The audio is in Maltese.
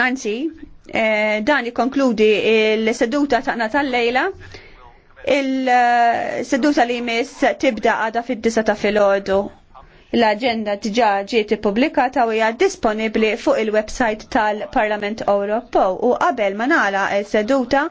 Anzi, eh, dan ikonkludi il seduta ta' tal-lejla. Il-seduta li jmiss tibda għada fid-disa ta' filgħodu. L-agenda diġà ġiet ippubblikata u hija disponibbli fuq il-website tal-Parlament Ewropew u qabel ma nagħlaq s seduta